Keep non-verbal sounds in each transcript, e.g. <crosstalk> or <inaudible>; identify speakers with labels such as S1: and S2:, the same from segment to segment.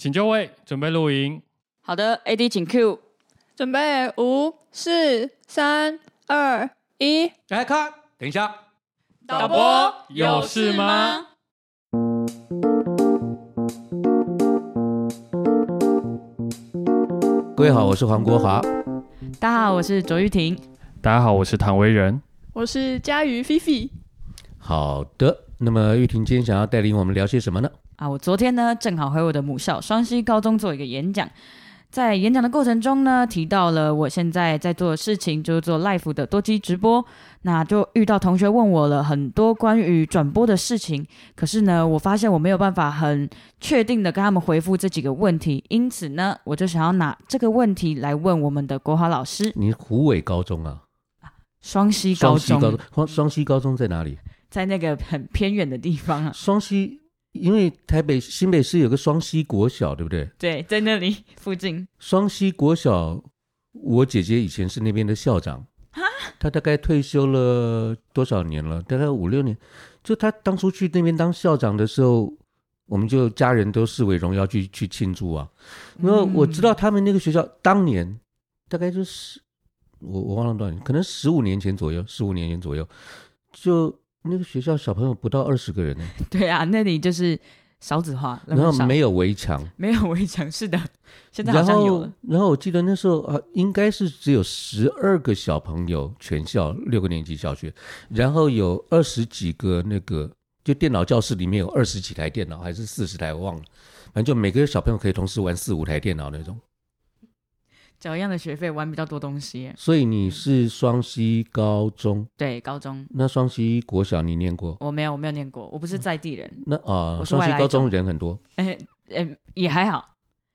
S1: 請就位，準備錄音。好的，AD 請 Q，準備五、四、三、二、一，來看，
S2: 等一下，導播，導播，有事嗎？有事嗎？各位好，我是黃國
S3: 華。
S4: 大家好，我是卓玉婷。
S2: 大家好，我是唐唯仁。
S4: 我是佳瑜菲菲。
S2: 好的，那麼玉婷今天想要帶領我們聊些什麼呢？
S4: 啊，我昨天呢正好回我的母校雙溪高中做一個演講，在演講的過程中呢，提到了我現在在做的事情，就是做 live 的多機直播。那就遇到同學問我了很多關於轉播的事情，可是呢，我發現我沒有辦法很確定的跟他們回覆這幾個問題，因此呢，我就想要拿這個問題來問我們的國華老師。
S2: 你是虎尾高中啊？啊，
S4: 雙溪高中。雙溪
S2: 高中，雙溪高中在哪裡？在那個很偏遠的地
S4: 方啊。雙溪。
S2: 因為台北新北市有個雙溪國小，對不對？
S4: 對，在那裡附近。
S2: 雙溪國小，我姐姐以前是那邊的校長，她、他大概退休了多少年了？大概五六年。就他當初去那邊當校長的時候，我們就家人都視為榮耀去去慶祝啊。因、嗯、為我知道他們那個學校當年大概就是我我忘了多少年，可能十五年前左右，十五年前左右就。那個學校小朋友不到二十個人呢。
S4: 對啊，那裡就是少子化，然後沒有圍牆，沒有圍牆，是的。現在好像有。
S2: 然後我記得那時候啊，應該是只有十二個小朋友，全校六個年級小學。然後有二十幾個那個，就電腦教室裡面有二十幾台電腦，還是四十台我忘了。反正就每個小朋友可以同時玩四五台電腦那種。
S4: 交一樣的學費，玩比較多東西，
S2: 所以你是雙溪高中？嗯，對，高中。那雙溪國小你念過？
S4: 我沒有，我沒有念過，我不是在地人。啊那啊、呃，雙溪高中人很多，呃、欸欸，也還好。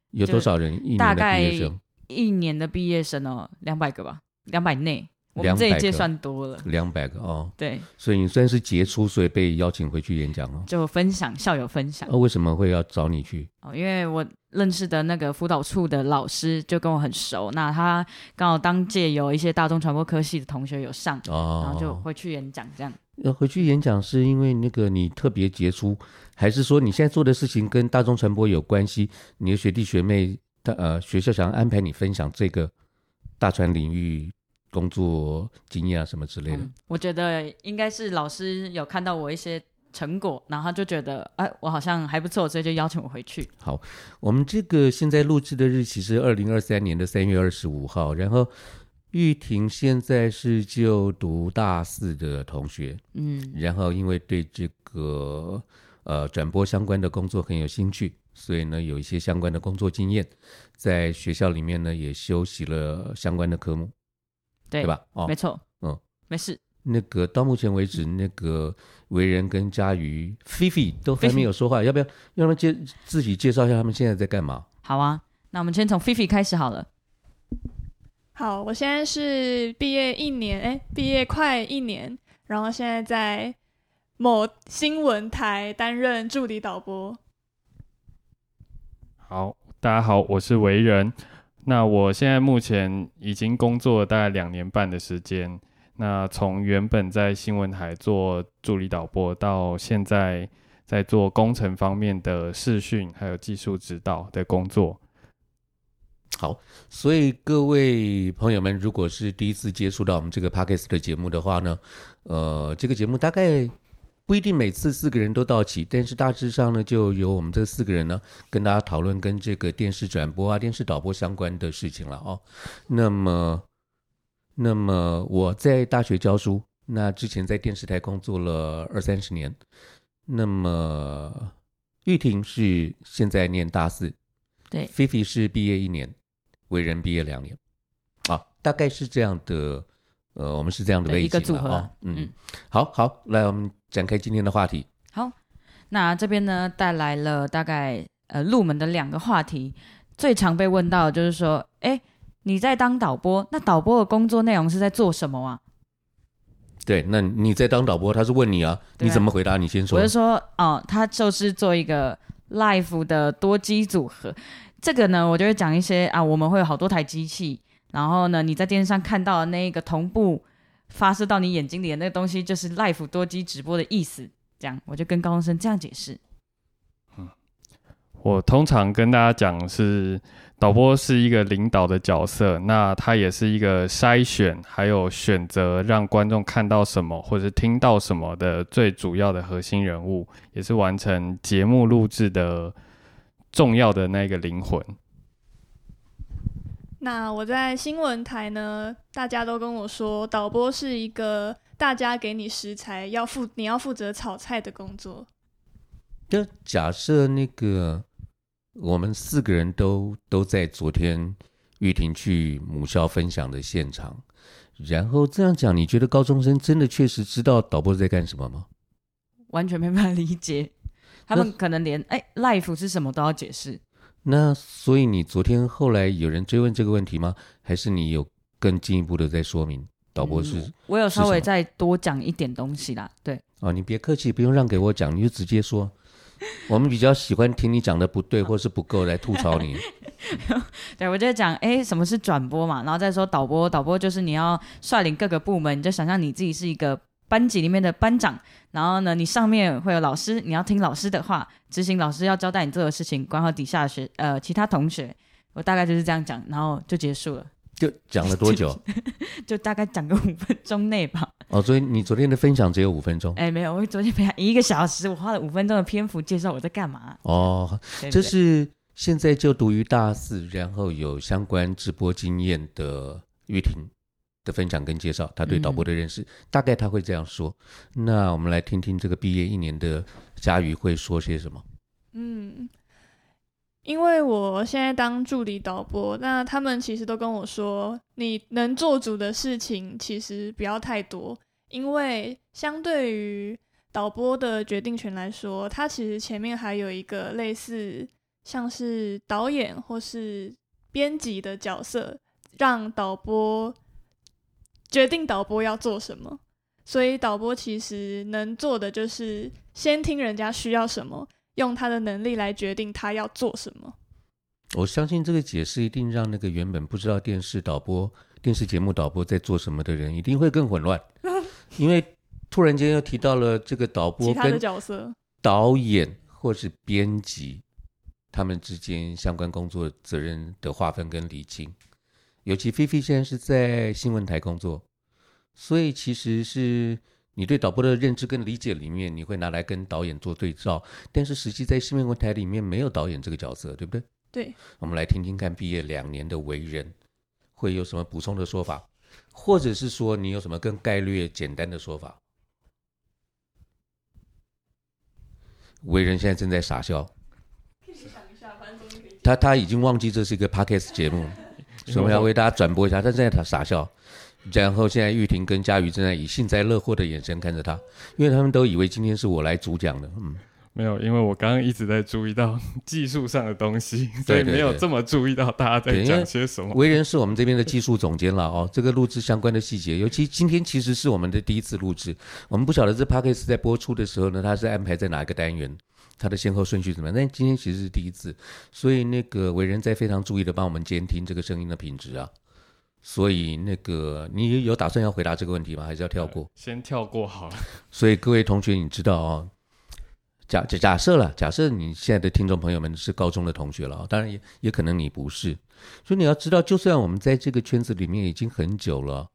S2: 有多少人一年的？大概畢業生
S4: 一年的畢業生哦，兩百個吧，兩百內。我們這一屆算多了，兩
S2: 百個 ,200 個哦。對，所以你算是傑出，所以被邀請回去演講哦。
S4: 就分享，校友分享。那、哦、
S2: 為什麼會要找你去？
S4: 哦，因為我認識的那個輔導處的老師就跟我很熟，那他剛好當屆有一些大眾傳播科系的同學有上，哦、然後就回去演講這樣、
S2: 哦。要回去演講是因為那個你特別傑出，還是說你現在做的事情，跟大眾傳播有關係？你的學弟學妹，他呃學校想要安排你分享這個大傳領域？工作經驗啊，什麼之類的？嗯、
S4: 我覺得應該是老師有看到我一些成果，然後就覺得，哎、呃，我好像還不錯，所以就邀請我回去。
S2: 好，我們這個現在錄製的日期是二零二三年的三月二十五號。然後玉婷現在是就讀大四的同學，嗯，然後因為對這個呃轉播相關的工作很有興趣，所以呢有一些相關的工作經驗，在學校裡面呢也修習了相關的科目。嗯對吧、哦？沒錯，嗯，沒事。那個到目前為止，那個唯仁跟嘉瑜菲菲都還沒有說話，Fifi? 要不要？要不要介自己介紹一下他們現在在幹嘛？好
S4: 啊，那我們先從菲菲開始好了。
S1: 好，我現在是畢業一年，哎、欸，畢業快一年，然後現在在某新聞台擔任助理導播。
S3: 好，大家好，我是唯仁。那我現在目前已經工作了大概兩年半的時間，那從原本在新聞台做助理導播，到現在在做工程方面的視訊
S2: 還有技術指導的工作。好，所以各位朋友們，如果是第一次接觸到我們這個 p o c k e t 的節目的話呢，呃，這個節目大概。不一定每次四個人都到齊，但是大致上呢，就由我們這四個人呢跟大家討論跟這個電視轉播啊、電視導播相關的事情了哦。那麼，那麼我在大學教書，那之前在電視台工作了二三十年。那麼，玉婷是現在念大四，對，Fifi 是畢業一年，唯仁畢業兩年，啊，大概是這樣的。呃，我們是這樣的背景了啊、哦嗯。嗯，好好，來我們。展開今天的話題。
S4: 好，那這邊呢帶來了大概呃入門的兩個話題，最常被問到的就是說，哎，你在當導播，那導播的工作內容是在做什麼啊？
S2: 對，那你在當導播，他是問你啊，啊你怎麼回答？你先說。我就說
S4: 哦，他就是做一個 live 的多機組合，這個呢，我就會講一些啊，我們會有好多台機器，然後呢，你在電視上看到的那一個同步，發射到你眼睛裡的那個東西，就是 Live 多機直播的意思。這樣，我就跟高中生這樣解釋。嗯，
S3: 我通常跟大家講是，導播是一個領導的角色，那他也是一個篩選還有選擇讓觀眾看到什麼或者是聽到什麼的最主要的核心人物，也是完成節目錄製的重要的那個靈魂。
S1: 那我在新聞台呢，大家都跟我說，導播是一個大家給你食材，要負你要負責炒菜的工作。
S2: 就假設那個我們四個人都都在昨天玉婷去母校分享的現場，然後這樣講，你覺得高中生真的確實知道導播在幹什麼嗎？
S4: 完全沒辦法理解，他們可能連哎、欸、live 是什麼都要解釋。
S2: 那所以你昨天後來有人追問這個問題嗎？還是你有更進一步的在說明導播是、嗯？我
S4: 有稍微再多講一點東西啦，對。
S2: 哦，你別客氣，不用讓給我講，你就直接說。 <laughs> 我們比較喜歡聽你講的不對 <laughs> 或是不夠來吐槽你。
S4: <laughs> 對我就講，哎，什麼是轉播嘛？然後再說導播，導播就是你要率領各個部門，你就想象你自己是一個。班級裡面的班長，然後呢，你上面會有老師，你要聽老師的話，執行老師要交代你做的事情，管好底下學呃其他同學。我大概就是這樣講，然後就結束了。
S2: 就講了多久？
S4: <laughs> 就大概講個五分鐘內吧。
S2: 哦，所以你昨天的分享只有五分鐘？
S4: 哎，沒有，我昨天分享一個小時，我花了五分鐘的篇幅介紹我在幹嘛。
S2: 哦，對對，這是現在就讀於大四，然後有相關直播經驗的玉婷的分享跟介紹，他對導播的認識、嗯，大概他會這樣說。那我們來聽聽這個畢業一年的佳宇會說些什麼？嗯，
S1: 因為我現在當助理導播，那他們其實都跟我說，你能做主的事情其實不要太多，因為相對於導播的決定權來說，他其實前面還有一個類似像是導演或是編輯的角色，讓導播，決定導播要做什麼，所以導播其實能做的就是先聽人家需要什麼，用他的能力來決定他要做什麼。
S2: 我相信這個解釋一定讓那個原本不知道電視導播、電視節目導播在做什麼的人，一定會更混亂， <laughs> 因為突然間又提到了這個導播的角色、導演或是編輯，他們之間相關工作責任的劃分跟釐清。尤其 Fifi 現在是在新聞台工作，所以其實是你對導播的認知跟理解裡面，你會拿來跟導演做對照。但是實際在新聞台裡面沒有導演這個角色，對不對？對。我們來聽聽看，畢業兩年的唯仁會有什麼補充的說法，或者是說你有什麼更概略簡單的說法？唯仁現在正在傻笑。可以想一下。他他已經忘記這是一個 podcast 節目。 <laughs> 我，所以我要為大家轉播一下，他正在他傻笑，然後現在玉婷跟佳瑜正在以幸災樂禍的眼神看着他，因為他們都以為今天是我來主講的。嗯，沒有，因為我剛剛一直在注意到技術上的東西，所以沒有
S3: 這麼注意到大家在講些什麼。對對對，唯仁是
S2: 我們這邊的技術總監了哦，這個錄制相關的細節，尤其今天其實是我們的第一次錄制，我們不曉得這 Podcast 在播出的時候呢，它是安排在哪一個單元。它的先後順序怎麼樣？但、哎、今天其實是第一次，所以那個唯仁在非常注意的幫我們監聽這個聲音的品質啊。所以那個你有打算要回答這個問題嗎？還是要跳過？呃、
S3: 先跳過好了。
S2: 所以各位同學，你知道啊、哦，假假假設了，假設你現在的聽眾朋友們是高中的同學了、哦，當然也也可能你不是，所以你要知道，就算我們在這個圈子裡面已經很久了。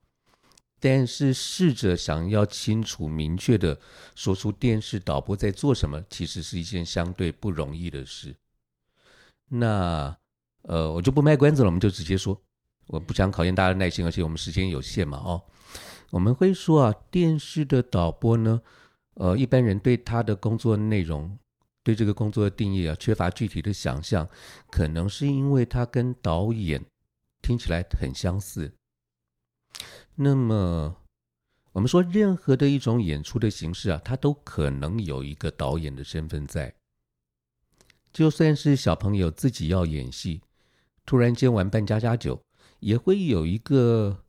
S2: 但是，試着想要清楚、明確地說出電視導播在做什麼，其實是一件相對不容易的事。那，呃，我就不賣關子了，我們就直接說，我不想考驗大家的耐心，而且我們時間有限嘛。哦，我們會說啊，電視的導播呢，呃，一般人對他的工作內容、對這個工作的定義啊，缺乏具體的想象，可能是因為他跟導演聽起來很相似。那麼，我們說任何的一種演出的形式啊，它都可能有一個導演的身份在。就算是小朋友自己要演戲，突然間玩扮家家酒，也會有一個，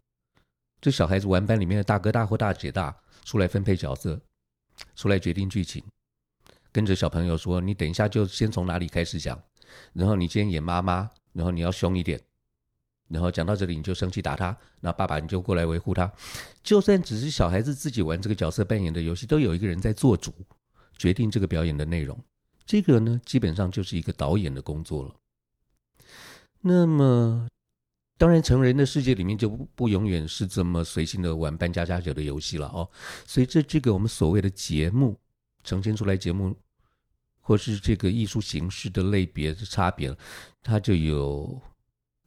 S2: 就小孩子玩伴裡面的大哥大或大姐大出來分配角色，出來決定劇情，跟着小朋友說：“你等一下就先從哪裡開始講，然後你先演媽媽，然後你要凶一點。”然後講到這裡，你就生氣打他，那爸爸你就過來維護他。就算只是小孩子自己玩這個角色扮演的遊戲，都有一個人在做主，決定這個表演的內容。這個呢，基本上就是一個導演的工作了。那麼，當然成人的世界裡面就不不永遠是這麼隨性的玩扮家家酒的遊戲了哦。隨着這，這個我們所謂的節目呈現出來，節目或是這個藝術形式的類別的差別，它就有。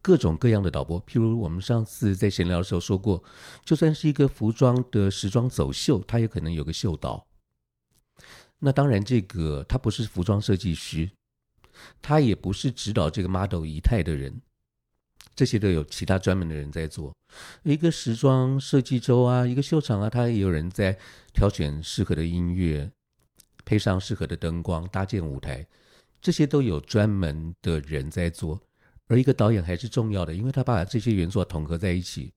S2: 各種各樣的導播，譬如我們上次在閒聊的時候說過，就算是一個服裝的時裝走秀，它也可能有個秀導。那當然，這個他不是服裝設計師，他也不是指導這個 model 儀態的人，這些都有其他專門的人在做。一個時裝設計週啊，一個秀場啊，它也有人在挑選適合的音樂，配上適合的燈光，搭建舞台，這些都有專門的人在做。而一個導演還是重要的，因為他把這些元素統合在一起，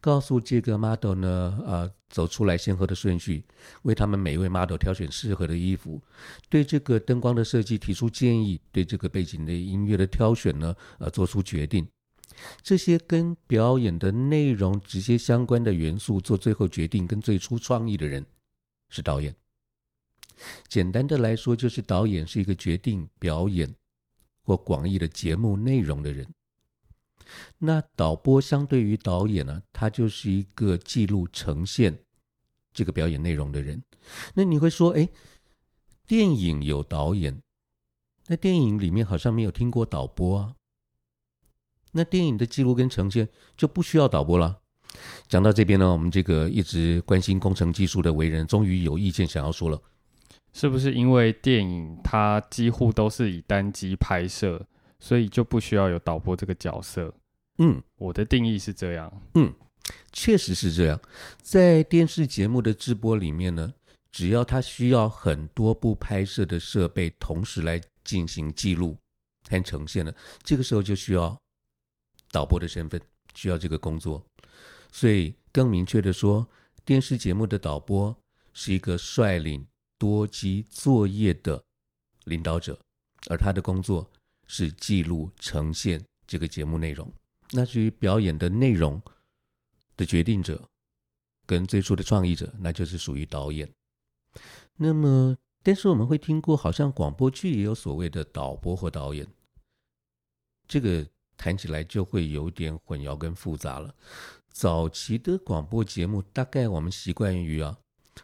S2: 告訴這個 model 呢，啊、呃，走出來先後的順序，為他們每一位 model 挑選適合的衣服，對這個燈光的設計提出建議，對這個背景的音樂的挑選呢，呃，做出決定。這些跟表演的內容直接相關的元素做最後決定，跟最初創意的人是導演。簡單的來說，就是導演是一個決定表演，或廣義的節目內容的人，那導播相對於導演呢、啊，他就是一個記錄呈現這個表演內容的人。那你會說，哎，電影有導演，那電影裡面好像沒有聽過導播啊？那電影的記錄跟呈現就不需要導播了。講到這邊呢，我們這個一直關心工程技術的唯仁，終於有意見想要說了。
S3: 是不是因為電影它幾乎都是以單機拍攝，所以就不需要有導播這個角色？嗯，我的定義是
S2: 這樣。嗯，確實是這樣。在電視節目的直播裡面呢，只要它需要很多部拍攝的設備同時來進行記錄和呈現的，這個時候就需要導播的身份，需要這個工作。所以更明確的說，電視節目的導播是一個率領。多機作業的領導者，而他的工作是記錄呈現這個節目內容。那至於表演的內容的決定者，跟最初的創意者，那就是屬於導演。那麼，但是我們會聽過，好像廣播劇也有所謂的導播或導演。這個談起來就會有點混淆跟複雜了。早期的廣播節目，大概我們習慣於啊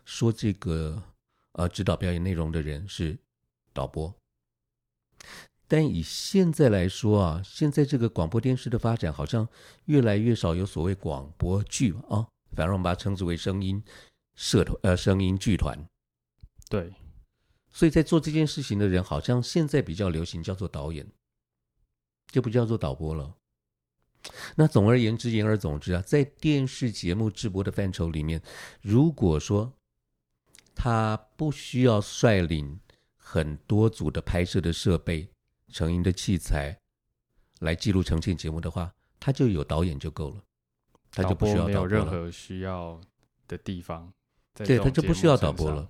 S2: 說這個。而、呃、指導表演內容的人是導播，但以現在來說啊，現在這個廣播電視的發展好像越來越少有所謂廣播劇啊，反正我們把它稱之為聲音社團，呃，聲音劇團。對，所以在做這件事情的人，好像現在比較流行叫做導演，就不叫做導播了。那總而言之，言而總之啊，在電視節目制播的範疇裡面，如果說，他不需要率領很多組的拍攝的設備、成音的器材來記錄呈現節目的話，他就有導演就夠了，他就不需要導播了。導播沒有任何
S3: 需要的地方，對，他就不需要導播了。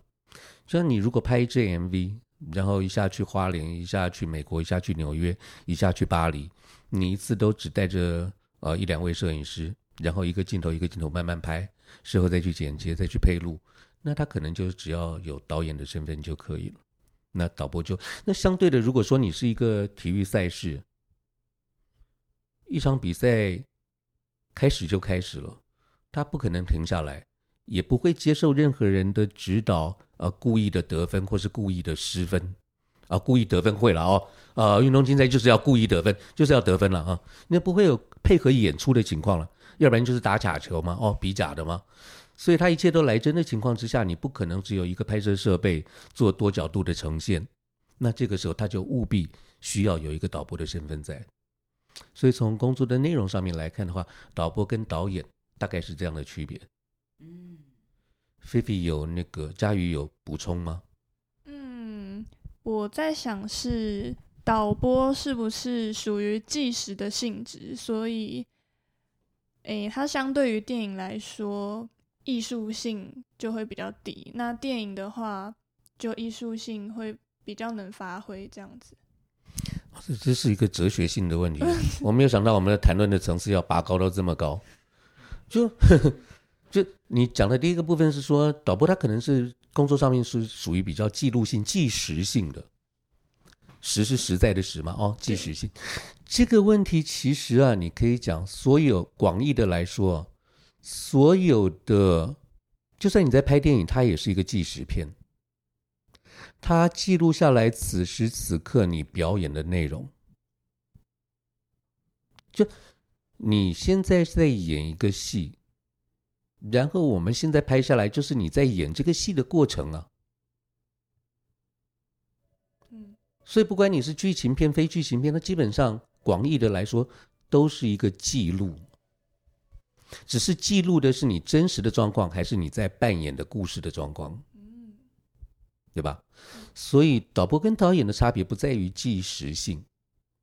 S2: 就像你如果拍一支 MV，然後一下去花蓮，一下去美國，一下去紐約，一下去巴黎，你一次都只帶着呃一兩位攝影師，然後一個鏡頭一個鏡頭慢慢拍，事後再去剪接，再去配錄。那他可能就只要有導演的身份就可以了。那導播就那相對的，如果說你是一個體育賽事，一場比賽開始就開始了，他不可能停下來，也不會接受任何人的指導呃、啊，故意的得分或是故意的失分啊，故意得分會了哦，呃，運動競賽就是要故意得分，就是要得分了啊、哦，那不會有配合演出的情況了，要不然就是打假球嘛，哦，比假的嘛。所以，他一切都來真的情況之下，你不可能只有一個拍攝設備做多角度的呈現。那這個時候，他就務必需要有一個導播的身份在。所以，從工作的內容上面來看的話，導播跟導演大概是這樣的區別。嗯，Fifi 有那個佳宇有補充嗎？嗯，
S1: 我在想是導播是不是屬於計時的性質？所以，誒、欸，它相對於電影來說。藝術性就會比較低，那電影的話，就藝術性會比較能發揮這樣子。
S2: 這這是一個哲學性的問題， <laughs> 我沒有想到我們的談論的層次要拔高到這麼高。就 <laughs> 就你講的第一個部分是說，導播他可能是工作上面是屬於比較記錄性、紀實性的，實是實在的實嘛？哦，紀實性這個問題，其實啊，你可以講所有廣義的來說。所有的，就算你在拍電影，它也是一個紀實片。它記錄下來此時此刻你表演的內容。就你現在在演一個戲，然後我們現在拍下來，就是你在演這個戲的過程啊。嗯，所以不管你是劇情片、非劇情片，它基本上廣義的來說，都是一個記錄。只是記錄的是你真實的狀況，還是你在扮演的故事的狀況？嗯，對吧？所以導播跟導演的差別不在於即時性，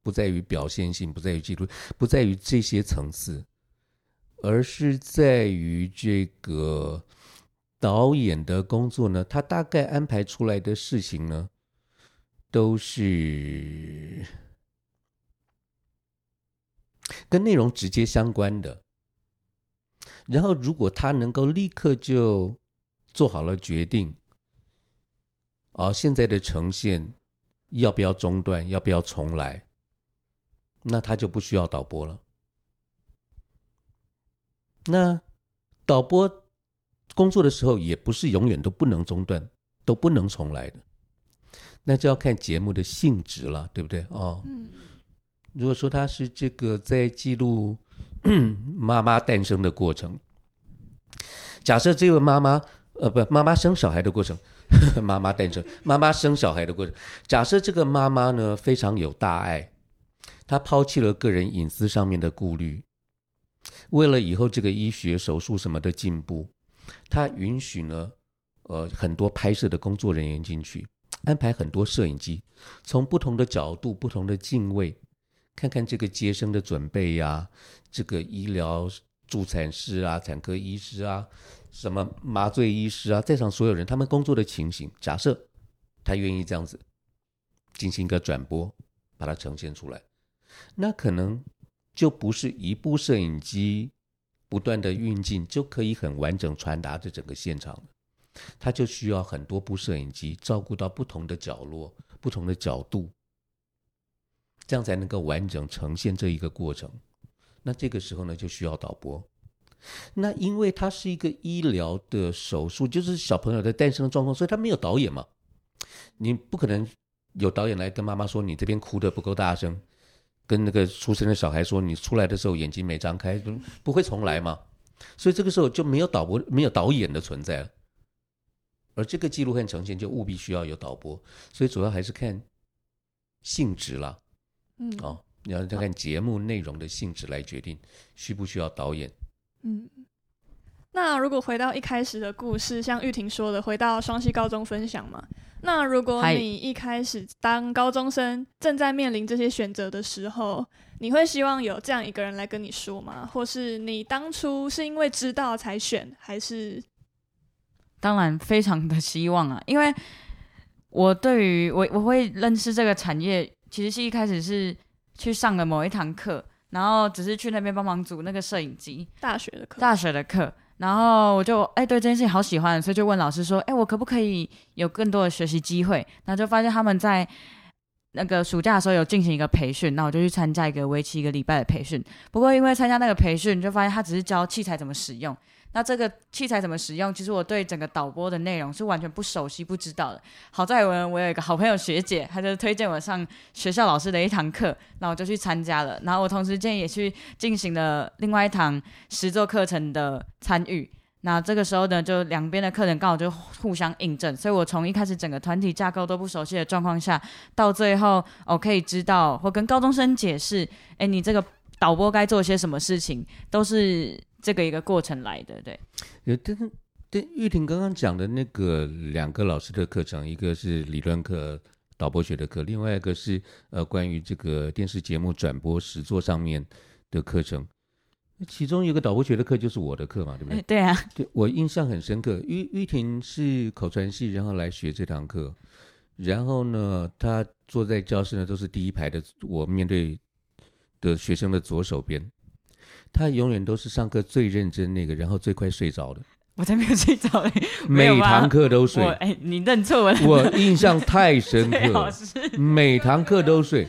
S2: 不在於表現性，不在於記錄，不在於這些層次，而是在於這個導演的工作呢，他大概安排出來的事情呢，都是跟內容直接相關的。然後，如果他能夠立刻就做好了決定，而、哦、現在的呈現要不要中斷，要不要重來，那他就不需要導播了。那導播工作的時候，也不是永遠都不能中斷、都不能重來的，那就要看節目的性質了，對不對？哦，嗯，如果說他是這個在記錄。 <coughs> 媽媽誕生的過程，假設這位媽媽，呃，不媽媽生小孩的過程， <laughs> 媽媽誕生，媽媽生小孩的過程。假設這個媽媽呢，非常有大愛，她拋棄了個人隱私上面的顧慮，為了以後這個醫學手術什麼的進步，她允許呢，呃，很多拍攝的工作人員進去，安排很多攝影機，從不同的角度、不同的鏡位。看看這個接生的準備呀、啊，這個醫療助產師啊、產科醫師啊、什麼麻醉醫師啊，在場所有人他們工作的情形。假設他願意這樣子進行一個轉播，把它呈現出來，那可能就不是一部攝影機不斷的運鏡就可以很完整傳達這整個現場，他就需要很多部攝影機照顧到不同的角落、不同的角度。這樣才能夠完整呈現這一個過程。那這個時候呢，就需要導播。那因為它是一個醫療的手術，就是小朋友在誕生的狀況，所以他沒有導演嘛。你不可能有導演來跟媽媽說：“你這邊哭得不夠大聲。”跟那個出生的小孩說：“你出來的時候眼睛沒張開，不會重來嘛。”所以這個時候就沒有導播，沒有導演的存在了。而這個記錄和呈現就務必需要有導播，所以主要還是看性質啦。嗯，哦，你要再看節目內容的性質，來決定需不需要導演。嗯，
S1: 那如果回到一開始的故事，像玉婷說的，回到雙溪高中分享嘛？那如果你一開始當高中生，正在面臨這些選擇的時候，你會希望有這樣一個人來跟你說嗎？或是你當初是因為知道才選，還是？
S4: 當然，非常的希望啊，因為我對於我，我會認識這個產業。其實是一開始是去上了某一堂課，然後只是去那邊幫忙組那個攝影機。大學的課，大學的課，然後我就哎、欸、對這件事情好喜歡，所以就問老師說：“哎、欸，我可不可以有更多的學習機會？”然後就發現他們在那個暑假的時候有進行一個培訓，那我就去參加一個為期一個禮拜的培訓。不過因為參加那個培訓，就發現他只是教器材怎麼使用。那這個器材怎麼使用？其實我對整個導播的內容是完全不熟悉、不知道的。好在我我有一個好朋友學姐，她就推薦我上學校老師的一堂課，那我就去參加了。然後我同時建議也去進行了另外一堂實作課程的參與。那這個時候呢，就兩邊的課程剛好就互相印證，所以我從一開始整個團體架構都不熟悉的狀況下，到最後我、哦、可以知道或跟高中生解釋，誒，你這個導播該做些什麼事情，都是。這個一個過程來的，對。
S2: 呃，但是，但玉婷剛剛講的那個兩個老師的課程，一個是理論課導播學的課，另外一個是呃關於這個電視節目轉播實作上面的課程。其中有一個導播學的課就是我的課嘛，對不對？哎，對啊。對，我印象很深刻，玉玉婷是口傳系，然後來學這堂課，然後呢，他坐在教室呢，都是第一排的，我面對的學生的左手邊。他永遠都是上課最認真那個，然後最快睡着的。
S4: 我才沒有睡着，每堂課都睡。我欸、你認錯我了。我印象太深刻了 <laughs> ，
S2: 每堂課都睡。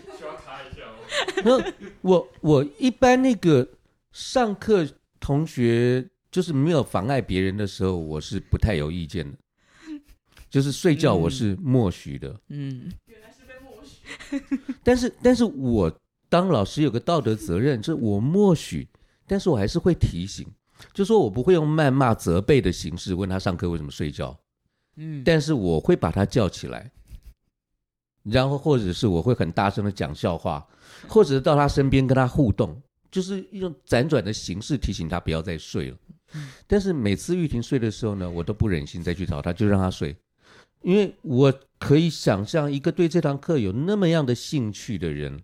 S2: 那 <laughs> <laughs> 我我一般那個上課同學就是沒有妨礙別人的時候，我是不太有意見的。就是睡覺，我是默許的。嗯，原
S4: 來是被默
S2: 許。但是，但是我當老師有個道德責任，就是我默許。但是我還是會提醒，就說我不會用謾罵、責備的形式問他上課為什麼睡覺，嗯，但是我會把他叫起來，然後或者是我會很大聲的講笑話，或者到他身邊跟他互動，就是用輾轉的形式提醒他不要再睡了。嗯，但是每次玉婷睡的時候呢，我都不忍心再去找他，就讓他睡，因為我可以想象，一個對這堂課有那麼樣的興趣的人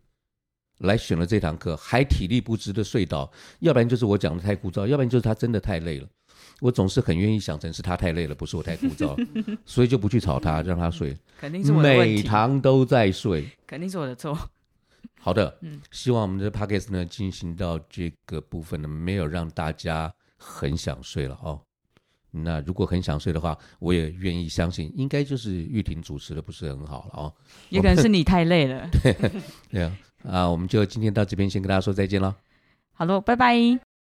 S2: 來選了這堂課，還體力不支的睡到。要不然就是我講的太枯燥，要不然就是他真的太累了。我總是很願意想成是他太累了，不是我太枯燥， <laughs> 所以就不去吵他，讓他睡。嗯、肯定是我的問題。每堂都在睡，
S4: 肯定是我的錯。
S2: 好的，嗯，希望我們的 podcast 呢進行到這個部分呢，沒有讓大家很想睡了哦。那如果很想睡的話，我也願意相信，應該就是玉婷主持的不是很好了哦。也可能是你太累了。 <laughs> 對、啊，呀 <laughs> 啊，我們就今天到這邊先跟大家說再見了。
S4: 好嘍，拜拜。